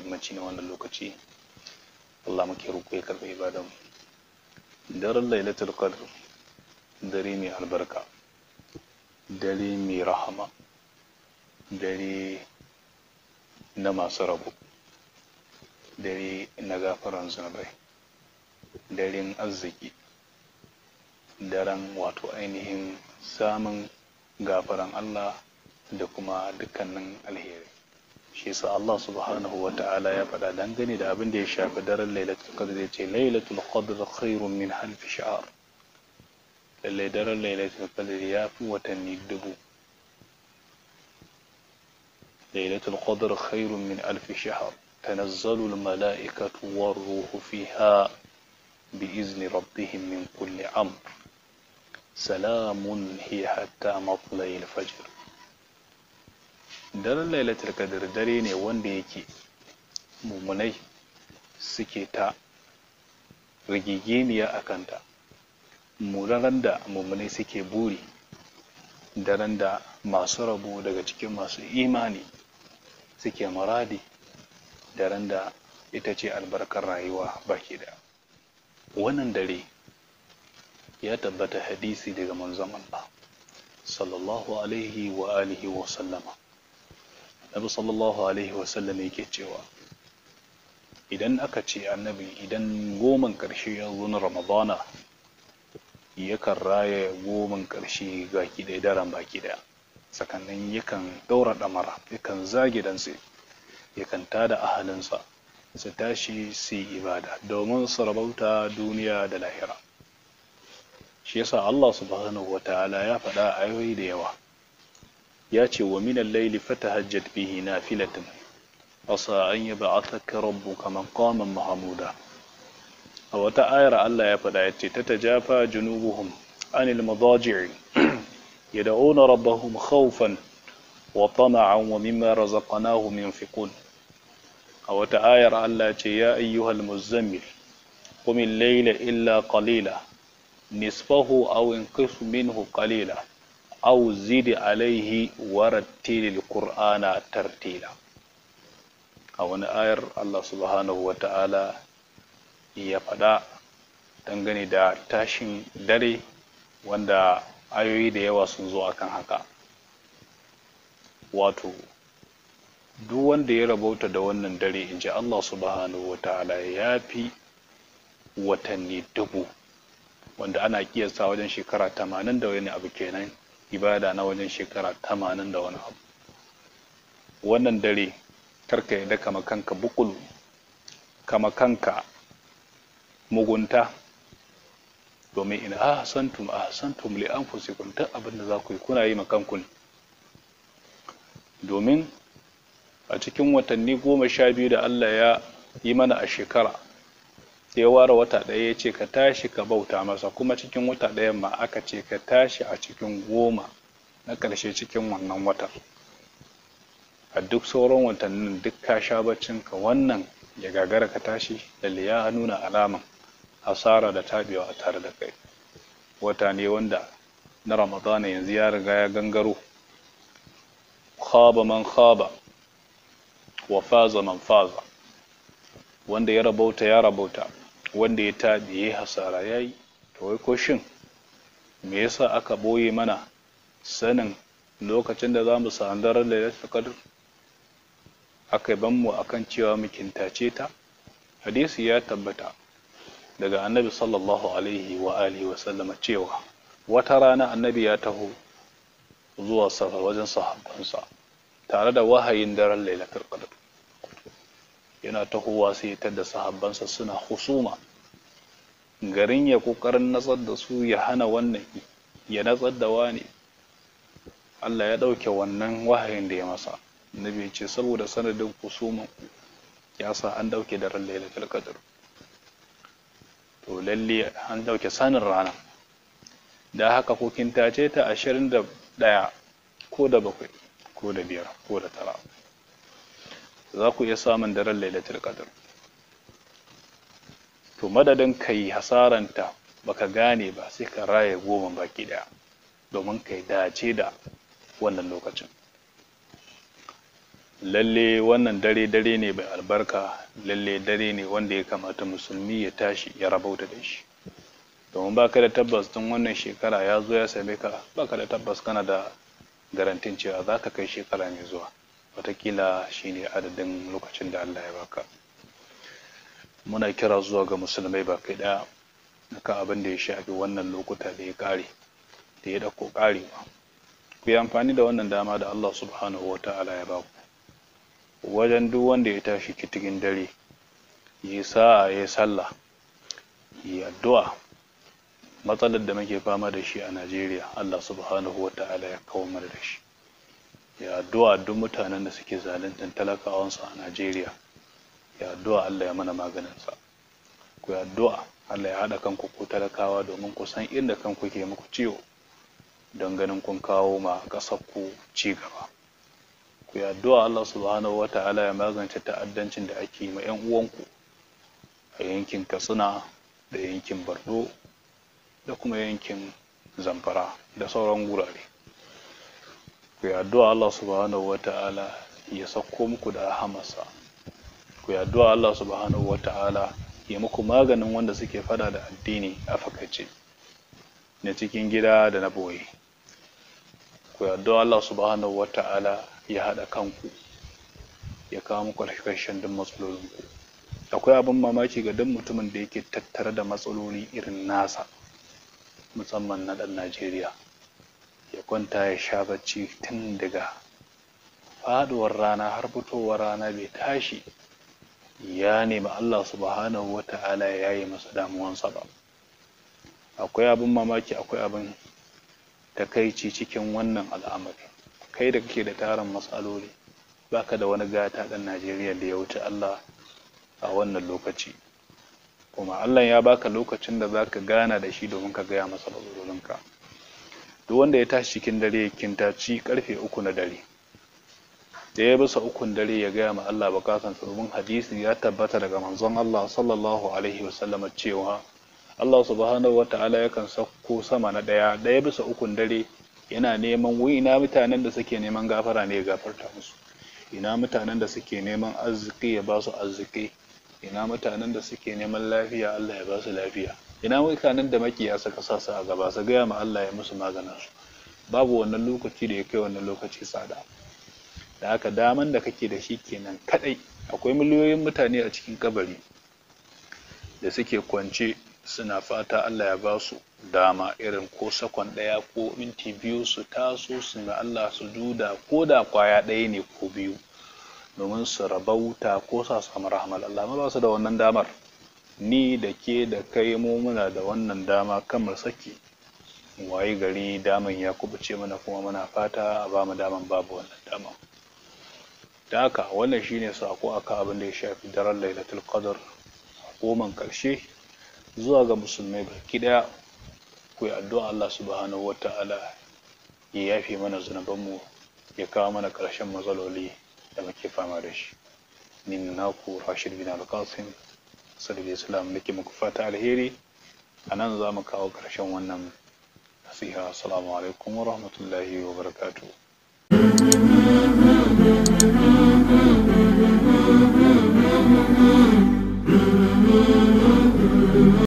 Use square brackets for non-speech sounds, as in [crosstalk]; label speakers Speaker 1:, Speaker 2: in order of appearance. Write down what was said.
Speaker 1: yammaci na wannan lokaci Allah muke roƙo ya karɓi ibadanmu daren lailatul qadr dare mai albarka dare mai rahama dare na masu ragu. dare na gafaran zunubai daren arziki daren wato ainihin samun gafaran Allah da kuma dukkanin alheri shi sa Allah subhanahu wa ta'ala ya faɗa dangane da abin da ya shafi daren lailatul qadr ya ce lailatul qadr khairun min half sha'ar lallai daren lailatul qadr ya fi watanni dubu lailatul qadr khairun min alf sha'ar تنزل الملائكة والروح فيها بإذن ربهم من كل أمر سلام هي حتى مطلع الفجر دار lailatul القدر dare ne wanda yake mummunai suke ta rigigeniya a kanta muraren da mummunai suke buri daren masu rabo daga cikin masu imani suke maradi daren da ita ce albarkar rayuwa baki da wannan dare ya tabbata hadisi daga manzon Allah sallallahu alaihi wa alihi wa sallama Annabi sallallahu alaihi wa sallama yake cewa idan aka ce annabi idan goman ƙarshe ya zo na ramadana yakan raya goman ƙarshe ga ɗaya daren baki da, sakannan yakan ɗaura ɗamara yakan zage dantse yakan tada ahalinsa su tashi su yi ibada domin su rabauta duniya da lahira shi yasa Allah subhanahu wataala ya faɗa a ayoyi da yawa ya ce wa minal laili fatahajjat bihi nafilatan asa an yab'athaka rabbuka maqaman mahmuda a wata ayar Allah ya faɗa ya ce tatajafa junubuhum anil madaji'i [clears throat] yad'una rabbahum khawfan وطمعا ومما رزقناهم ينفقون أو تآير الله يا أيها المزمل قم الليل إلا قليلا نصفه أو انقص منه قليلا أو زد عليه ورتل القرآن ترتيلا أو آير الله سبحانه وتعالى يفدا dangane da tashin dare wanda ayoyi da yawa sun zo akan haka wato duk wanda ya rabauta da wannan dare in ji Allah subhanahu wa ta'ala ya fi watanni dubu wanda ana kiyasta wajen shekara tamanin da wani abu kenan ibada na wajen shekara tamanin da wani abu wannan dare karka yadda daka kanka bukulu kama kanka mugunta domin ina ah santum li anfusikum duk abin da za ku yi kuna yi ma kanku ne domin a cikin watanni goma sha biyu da Allah ya yi mana a shekara sai ya ware wata ɗaya ya ce ka tashi ka bauta masa kuma cikin wata ɗaya ma aka ce ka tashi a cikin goma na ƙarshe cikin wannan wata. a duk sauran watannin duk ka sha baccinka wannan ya gagara ka tashi da ya nuna alaman hasara da tabewa tare da kai wata ne wanda na ramadana yanzu ya riga ya gangaro خاب man خاب wa faza man wanda ya rabauta ya rabauta wanda ya taɓi ya hasara ya yi wai ko shin me yasa aka boye mana sanin lokacin da za mu sami da ya qadr aka ban mu akan cewa mu kintace ta hadisi ya tabbata daga annabi sallallahu alaihi wa alihi wa sallama cewa wata rana annabi ya taho zuwa safa wajen sahabbansa tare da wahayin daren lailatul qadr yana tahowa sai ta da sahabbansa suna husuma garin ya kokarin nazar da su ya hana wannan ya nazar da wani Allah ya dauke wannan wahayin da ya masa nabi ce saboda sanadin husuma ya sa an dauke daren lailatul qadr to lalle an dauke sanin rana da haka kokin tace ta 21 ko da bakwai ko da biyar ko da tara za ku iya samun daren lailatul qadr to madadin ka yi hasaranta baka gane ba sai ka raye goma baki daya domin ka dace da wannan lokacin lalle wannan dare dare ne mai albarka lalle dare ne wanda ya kamata musulmi ya tashi ya rabauta da shi domin baka da tabbas tun wannan shekara ya zo ya same ka baka da tabbas kana da garantin cewa za ka kai shekara mai zuwa watakila shine adadin lokacin da Allah ya baka muna kira zuwa ga musulmai ba kai daya akan abin da ya shafi wannan lokuta da ya kare da ya dako karewa ku yi amfani da wannan dama da Allah subhanahu wata'ala ya baku wajen duk wanda ya tashi cikin dare yi sa'a ya sallah yi addu'a matsalar da muke fama da shi a Najeriya Allah subhanahu wa ta'ala ya kawo mana da shi ya addu'a duk mutanen da suke zaluntar talakawansu a Najeriya ya addu'a Allah ya mana maganin sa. ku ya addu'a Allah ya haɗa kanku ku talakawa domin ku san inda kanku ke muku ciwo don ganin kun kawo ma ƙasar ku ci gaba ku ya addu'a Allah subhanahu wa ta'ala ya magance ta'addancin da ake yi ma 'yan uwanku a yankin Katsina da yankin Borno da kuma yankin zamfara da sauran gurare ku yi Allah subhanahu wata'ala ya sauko muku da rahamarsa ku yi Allah subhanahu wata'ala ya muku maganin wanda suke fada da addini a fakace na cikin gida da na boye ku yi Allah subhanahu wata'ala ya haɗa kanku ya kawo muku rashin matsalolinku akwai abin mamaki ga duk mutumin da yake tattare da matsaloli irin nasa musamman na ɗan Najeriya ya kwanta ya sha bacci tun daga faɗuwar rana har fitowar rana bai tashi ya nemi Allah subhanahu wa ta'ala ya yi masa damuwansa ba akwai abin mamaki akwai abin takaici cikin wannan al'amari kai da kake da tarin matsaloli baka da wani gata ɗan Najeriya da ya wuce Allah a wannan lokaci kuma Allah ya baka lokacin da zaka gana da shi domin ka gaya masa matsalolinka duk wanda ya tashi cikin dare ci karfe uku na dare da ya bisa ukun dare ya gaya ma Allah bukatan domin hadisi ya tabbata daga manzon Allah sallallahu alaihi wasallam cewa Allah subhanahu ta'ala yakan sauko sama na daya daya bisa ukun dare yana neman ina mutanen da suke neman gafara ne ya gafarta musu ina mutanen da suke neman arziki ya ba su arziki ina mutanen da suke neman lafiya Allah ya basu lafiya ina mutanen da makiya suka sa su a gaba su gaya ma Allah ya musu magana babu wannan lokaci da ya kai wannan lokaci tsada da haka daman da kake da shi kenan kadai akwai miliyoyin mutane a cikin kabari da suke kwance suna fata Allah ya ba su dama irin ko sakon ɗaya ko minti biyu su taso su ga Allah su juda ko da kwaya ɗaya ne ko biyu domin su rabauta ko sa samu rahmar Allah ba su da wannan damar ni da ke da kai mu muna da wannan dama kamar saki waye gari daman ya kubuce mana kuma muna fata a ba mu daman babu wannan dama. da haka wannan shine sako aka abin da ya shafi daren lailatul qadr a goman karshe zuwa ga musulmai baki daya ku yi addu'a Allah subhanahu wataala ya yafe mana zunubanmu ya kawo mana karshen matsaloli da muke fama da shi ni naku rashid bin alkasim asali da islam muke muku fata alheri anan nan za mu kawo karshen wannan nasiha assalamu alaikum wa rahmatullahi wa barakatuh